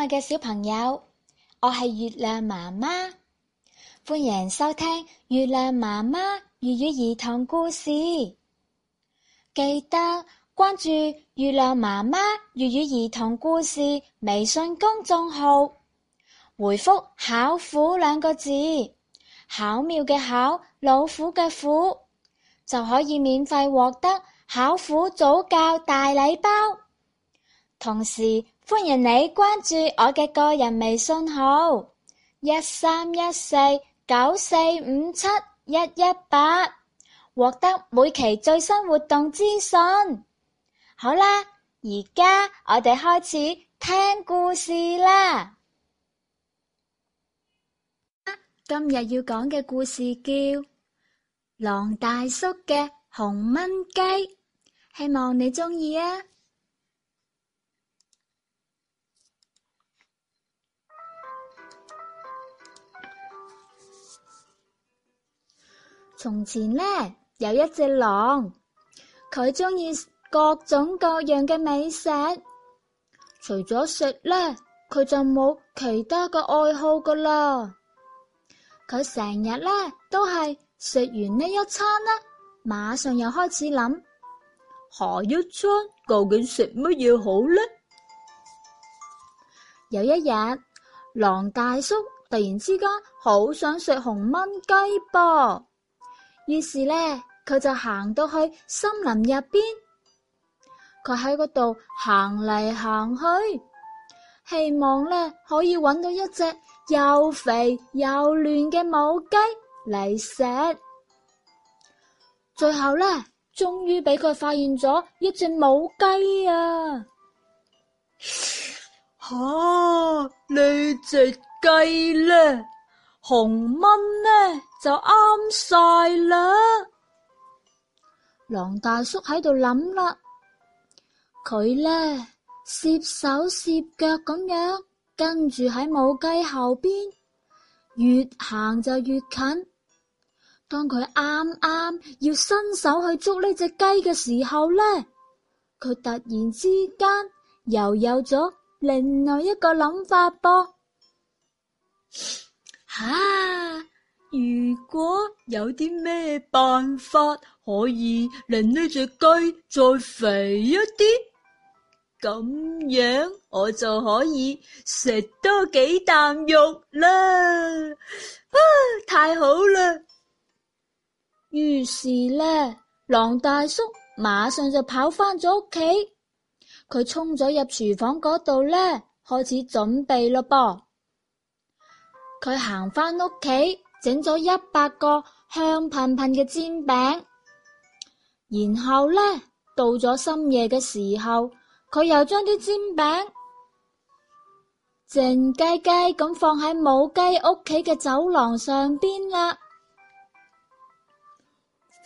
愛嘅小朋友，我係月亮媽媽，歡迎收聽月亮媽媽粵語兒童故事。記得關注月亮媽媽粵語兒童故事微信公眾號，回覆巧虎兩個字，巧妙嘅巧，老虎嘅虎，就可以免費獲得巧虎早教大禮包。同時。歡迎你關注我嘅個人微信號一三一四九四五七一一八，8，獲得每期最新活動資訊。好啦，而家我哋開始聽故事啦。今日要講嘅故事叫《狼大叔嘅紅燜雞》，希望你鍾意啊！從前呢，有一隻狼，佢鍾意各種各樣嘅美食，除咗食呢，佢就冇其他嘅愛好噶啦。佢成日呢，都係食完呢一餐呢，馬上又開始諗：「下一餐究竟食乜嘢好呢？」有一日，狼大叔突然之間好想食紅燜雞噃。於是呢，佢就行到去森林入邊，佢喺嗰度行嚟行去，希望呢可以揾到一隻又肥又嫩嘅母雞嚟食最後呢，終於俾佢發現咗一隻母雞啊！吓，呢隻雞咧，紅蚊咧。就啱晒啦！狼大叔喺度諗啦，佢咧，攝手攝腳咁樣跟住喺母雞後邊，越行就越近。當佢啱啱要伸手去捉呢隻雞嘅時候咧，佢突然之間又有咗另外一個諗法噃吓。啊如果有啲咩辦法可以令呢隻雞再肥一啲，咁樣我就可以食多幾啖肉啦！啊，太好啦！於是呢，狼大叔馬上就跑翻咗屋企，佢衝咗入廚房嗰度呢，開始準備咯噃。佢行翻屋企。整咗一百個香噴噴嘅煎餅，然後呢，到咗深夜嘅時候，佢又將啲煎餅靜雞雞咁放喺母雞屋企嘅走廊上邊啦。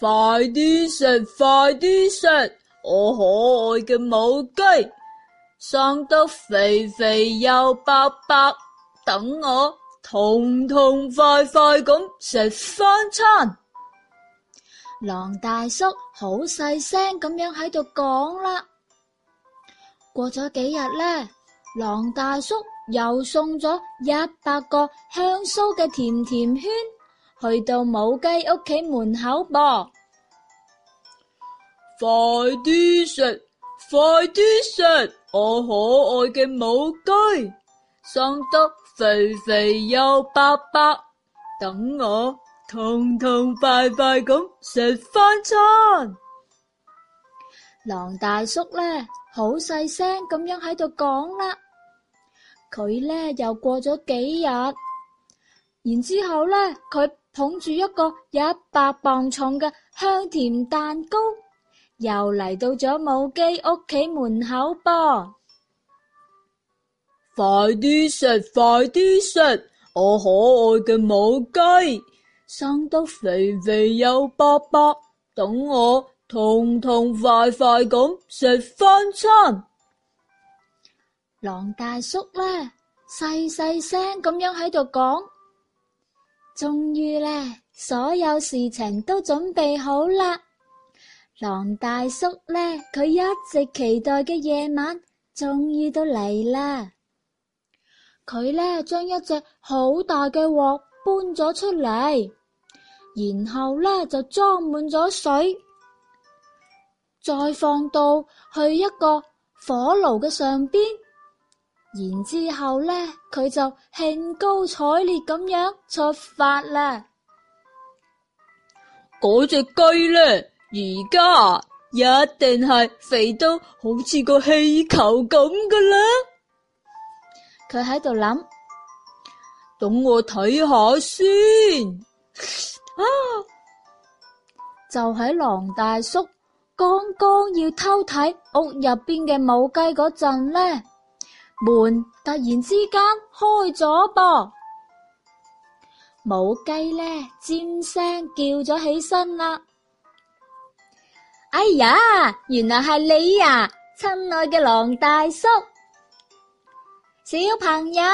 快啲食，快啲食，我可愛嘅母雞，生得肥肥又白白，等我。痛痛快快咁食翻餐，狼大叔好細聲咁樣喺度講啦。過咗幾日呢，狼大叔又送咗一百個香酥嘅甜甜圈去到母雞屋企門口噃。快啲食，快啲食，我可愛嘅母雞生得。肥肥又白白，等我痛痛快快咁食翻餐。狼大叔呢，好細聲咁樣喺度講啦。佢呢，又過咗幾日，然之後呢，佢捧住一個一百磅重嘅香甜蛋糕，又嚟到咗母雞屋企門口噃。快啲食，快啲食！我可愛嘅母雞生得肥肥又白白，等我痛痛快快咁食翻餐。狼大叔咧，細細聲咁樣喺度講，終於咧，所有事情都準備好啦。狼大叔咧，佢一直期待嘅夜晚，終於都嚟啦。佢咧將一隻好大嘅鑊搬咗出嚟，然後咧就裝滿咗水，再放到去一個火爐嘅上邊，然之後咧佢就興高采烈咁樣出發啦。嗰隻雞咧，而家一定係肥到好似個氣球咁㗎啦。佢喺度諗，等我睇下先。啊，就喺狼大叔剛剛要偷睇屋入邊嘅母雞嗰陣呢，門突然之間開咗噃，母雞咧尖聲叫咗起身啦。哎呀，原來係你呀，親愛嘅狼大叔！小朋友，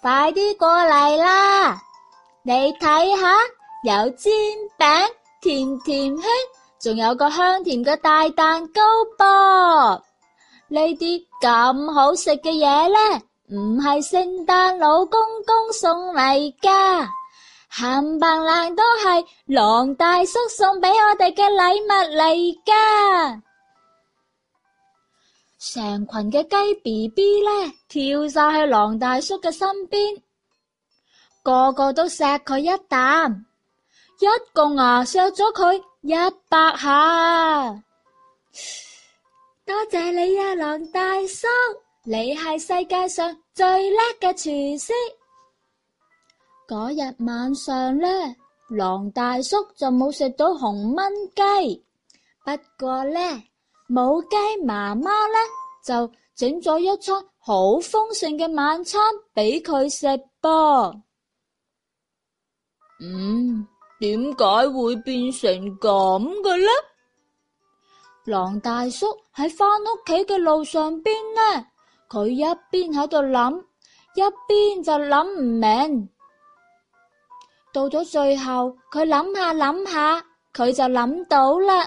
快啲過嚟啦！你睇下，有煎餅、甜甜圈，仲有個香甜嘅大蛋糕噃。呢啲咁好食嘅嘢咧，唔係聖誕老公公送嚟噶，冚唪唥都係狼大叔送俾我哋嘅禮物嚟噶。成群嘅雞 B B 咧，跳晒去狼大叔嘅身邊，個個都錫佢一啖，一共牙錫咗佢一百下。多謝你啊，狼大叔，你係世界上最叻嘅廚師。嗰日晚上呢，狼大叔就冇食到紅燜雞，不過呢。母雞媽媽呢，就整咗一餐好豐盛嘅晚餐俾佢食噃。嗯，點解會變成咁嘅呢？狼大叔喺翻屋企嘅路上邊呢，佢一邊喺度諗，一邊就諗唔明。到咗最後，佢諗下諗下，佢就諗到啦。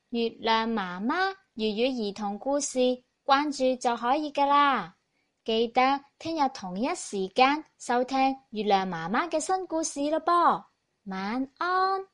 月亮媽媽粵語兒童故事，關注就可以噶啦。記得聽日同一時間收聽月亮媽媽嘅新故事咯噃。晚安。